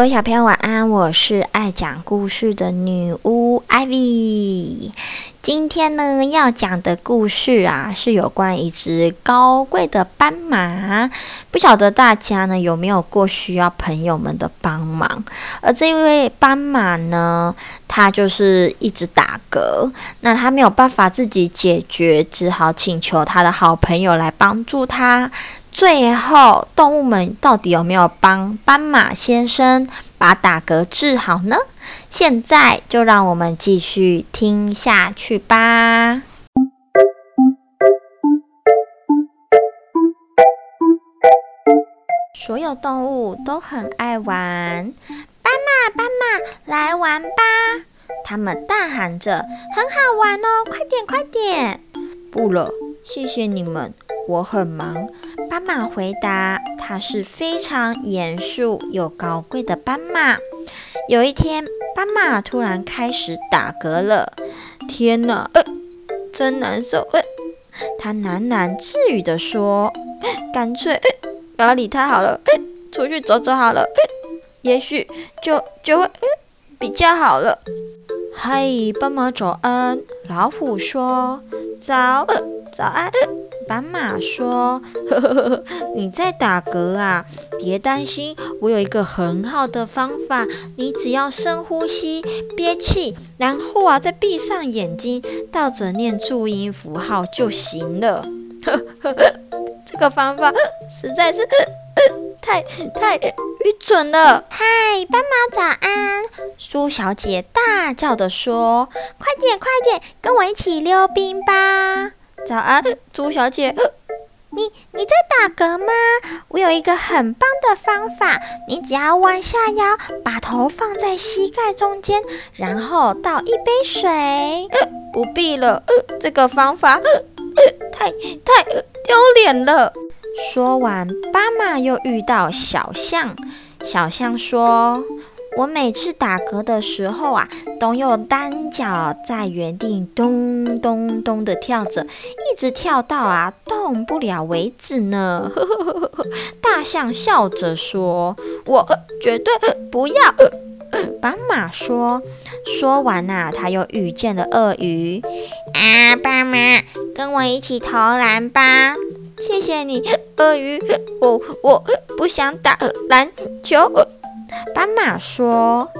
各位小朋友晚安，我是愛講故事的女巫 Ivy。今天呢要講的故事啊，是有關一隻高貴的斑馬。不曉得大家呢有沒有過需要朋友們的幫忙？而這位斑馬呢，它就是一直打嗝，那它沒有辦法自己解決，只好請求他的好朋友來幫助它。最後，動物們到底有沒有幫斑馬先生把打嗝治好呢？現在就讓我們繼續聽下去吧。所有動物都很愛玩，斑馬，斑馬，來玩吧！他們大喊着：“很好玩哦，快點，快點！”不了，謝謝你們。我很忙，斑馬回答。它是非常嚴肅又高貴的斑馬。有一天，斑馬突然開始打嗝了。天吶，呃、欸，真難受。呃、欸，它喃喃自語地說：“乾脆、欸、不要理他好了、欸，出去走走好了，欸、也許就就會、欸、比較好了。”嘿，嗨，斑馬早安。老虎說：“早，欸、早安，欸。”斑馬說：“呵呵呵，你在打嗝啊？別擔心，我有一個很好的方法。你只要深呼吸，憋氣，然後啊，再閉上眼睛，倒着念注音符號就行了。呵呵”這個方法實在是、呃呃、太太、呃、愚蠢了。嗨，斑馬，早安！蘇小姐大叫的說：“快點，快點，跟我一起溜冰吧！”早安，豬小姐，呃，你你在打嗝嗎？我有一個很棒的方法，你只要彎下腰，把頭放在膝蓋中間，然後倒一杯水。呃，不必了，呃，這個方法，呃，太太，呃，丟臉了。說完，斑馬又遇到小象，小象說。我每次打嗝的時候啊，都用單腳在原地咚咚咚地跳着，一直跳到啊動不了為止呢。 大象笑着說：“我絕對不要。呃”斑馬說。說完吶、啊，他又遇見了鱷魚。啊，斑馬，跟我一起投籃吧！謝謝你，鱷魚。呃、我我不想打、呃、籃球。呃斑馬說：“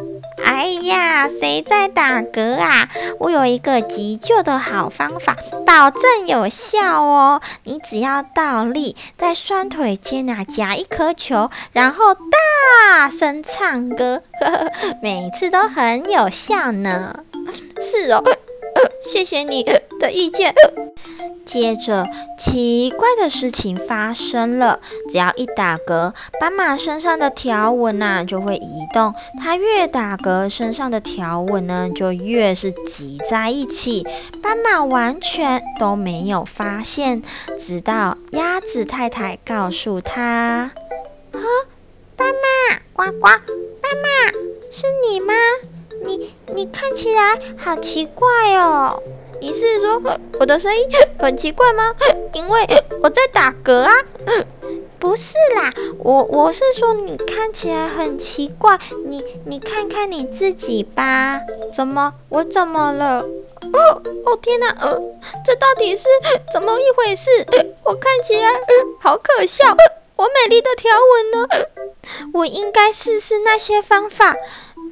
哎呀，誰在打嗝啊？我有一個急救的好方法，保證有效哦！你只要倒立，在雙腿間啊夾一顆球，然後大聲唱歌，呵呵，每次都很有效呢。是哦，呃，謝謝你呃的意見。呃”接着，奇怪的事情發生了。只要一打嗝，斑馬身上的條紋呢、啊、就會移動。它越打嗝，身上的條紋呢就越是擠在一起。斑馬完全都沒有發現，直到鴨子太太告訴他：“哈、啊，斑馬，呱呱，斑馬，是你嗎？你你看起來好奇怪哦。”你是說我的聲音很奇怪嗎？因為我在打嗝啊。不是啦，我我是說你看起來很奇怪。你你看看你自己吧。怎麼？我怎麼了？哦哦天哪、啊呃！這到底是怎麼一回事、呃？我看起來、呃、好可笑。呃、我美麗的條紋呢？我應該試試那些方法。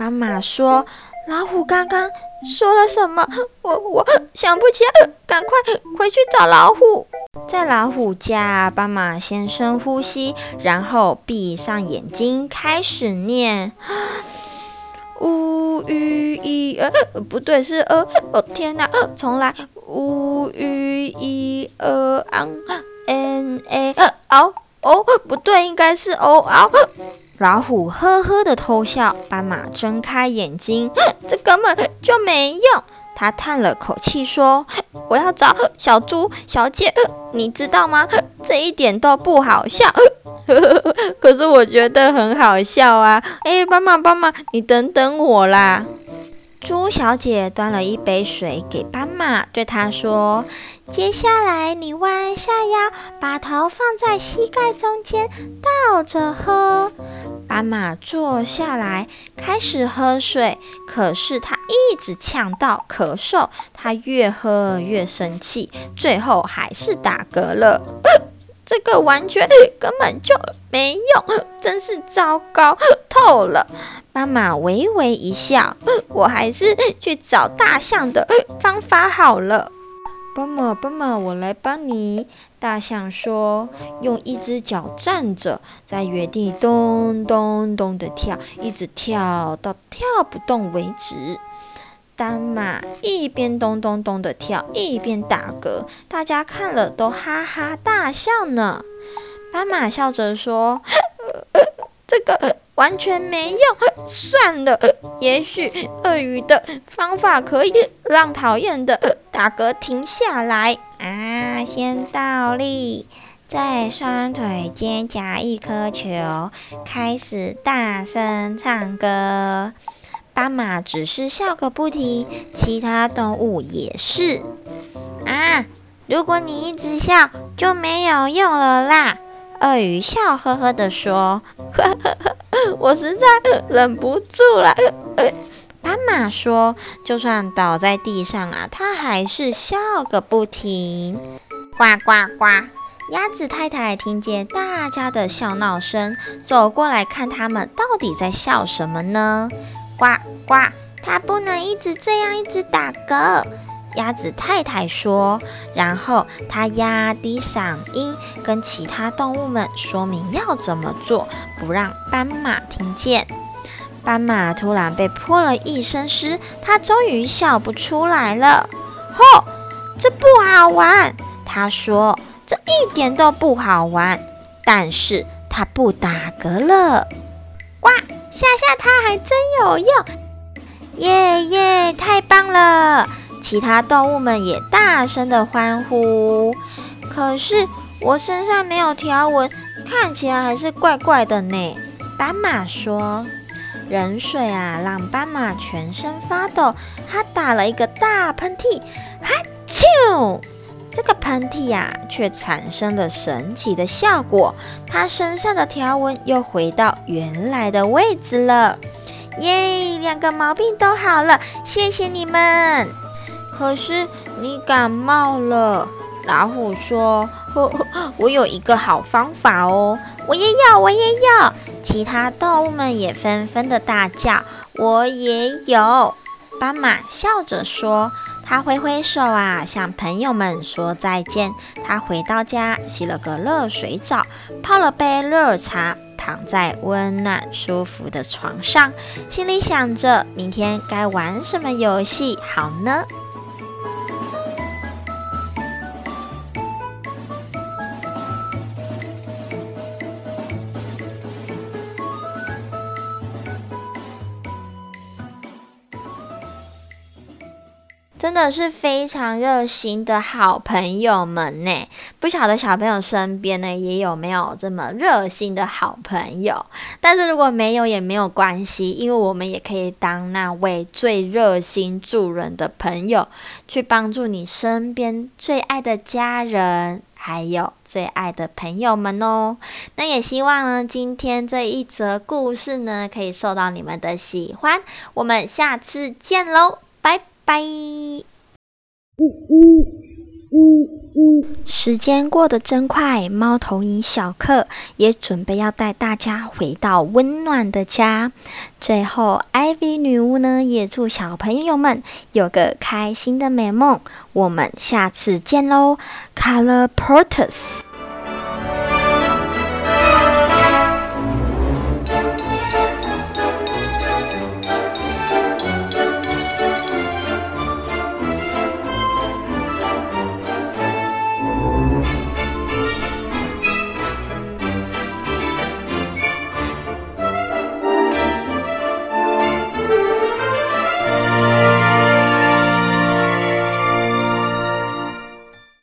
媽媽說，老虎剛剛。說了什麼？我我想不起來，啊，趕快回去找老虎。在老虎家，斑馬先深呼吸，然後閉上眼睛，開始念：嗚 魚一呃，不對，是呃哦天哪，重來，嗚魚一二三，n a o o，不對，應該是哦，a。O o 老虎呵呵地偷笑，斑馬睜開眼睛。這根本就沒用。他嘆了口氣說：“我要找小豬小姐，你知道嗎？這一點都不好笑。”呵呵呵，可是我覺得很好笑啊！哎、欸，斑馬，斑馬，你等等我啦！豬小姐端了一杯水給斑馬，對他說：“接下來你彎下腰，把頭放在膝蓋中間，倒着喝。”斑馬坐下來開始喝水，可是它一直嗆到咳嗽。它越喝越生氣，最後還是打嗝了。呃，這個完全根本就沒用，真是糟糕，呃，透了。斑馬微微一笑，呃，我還是去找大象的方法好了。斑馬，斑馬，我來幫你。大象說：“用一隻腳站着，在原地咚咚咚的跳，一直跳到跳不動為止。”斑馬一邊咚咚咚的跳，一邊打嗝，大家看了都哈哈大笑呢。斑馬笑着說：“呵呃、這個完全沒用，呵算了，呃，也許鱷魚的方法可以讓討厭的。”呃。打嗝停下來啊！先倒立，再雙腿間夾一顆球，開始大聲唱歌。斑馬只是笑個不停，其他動物也是。啊，如果你一直笑，就沒有用了啦！鱷魚笑呵呵地說：“呵呵呵，我實在忍不住了。呃”斑馬說：“就算倒在地上啊，它還是笑個不停，呱呱呱。”鴨子太太聽見大家的笑鬧聲，走過來看他們到底在笑什麼呢？呱呱！它不能一直這樣一直打嗝。鴨子太太說，然後它壓低嗓音跟其他動物們說明要怎麼做，不讓斑馬聽見。斑馬突然被潑了一身濕，它終於笑不出來了。吼，這不好玩！它說：“這一點都不好玩。”但是它不打嗝了。哇，嚇嚇它還真有用！耶耶，太棒了！其他動物們也大聲地歡呼。可是我身上沒有條紋，看起來還是怪怪的呢。斑馬說。冷水啊，讓斑馬全身發抖。它打了一個大噴嚏，哈啾！這個噴嚏呀、啊，卻產生了神奇的效果。它身上的條紋又回到原來的位置了。耶，兩個毛病都好了，謝謝你們。可是你感冒了。老虎說呵呵：“我有一個好方法哦，我也有，我也有。”其他動物們也紛紛的大叫：“我也有！”斑馬笑着說：“他揮揮手啊，向朋友們說再見。”他回到家，洗了個熱水澡，泡了杯熱茶，躺在溫暖舒服的床上，心裡想着明天該玩什麼遊戲好呢？真的是非常熱心的好朋友們呢，不曉得小朋友身邊呢也有沒有這麼熱心的好朋友，但是如果沒有也沒有關係，因為我們也可以當那位最熱心助人的朋友，去幫助你身邊最愛的家人，還有最愛的朋友們哦。那也希望呢，今天這一則故事呢，可以受到你們的喜歡。我們下次見嘍，拜拜。拜，嗚嗚嗚嗚，嗯嗯嗯嗯、時間過得真快，貓頭鷹小克也準備要帶大家回到溫暖的家。最後，IVY 女巫呢也祝小朋友們有個開心的美夢。我們下次見嘍，Colloportus。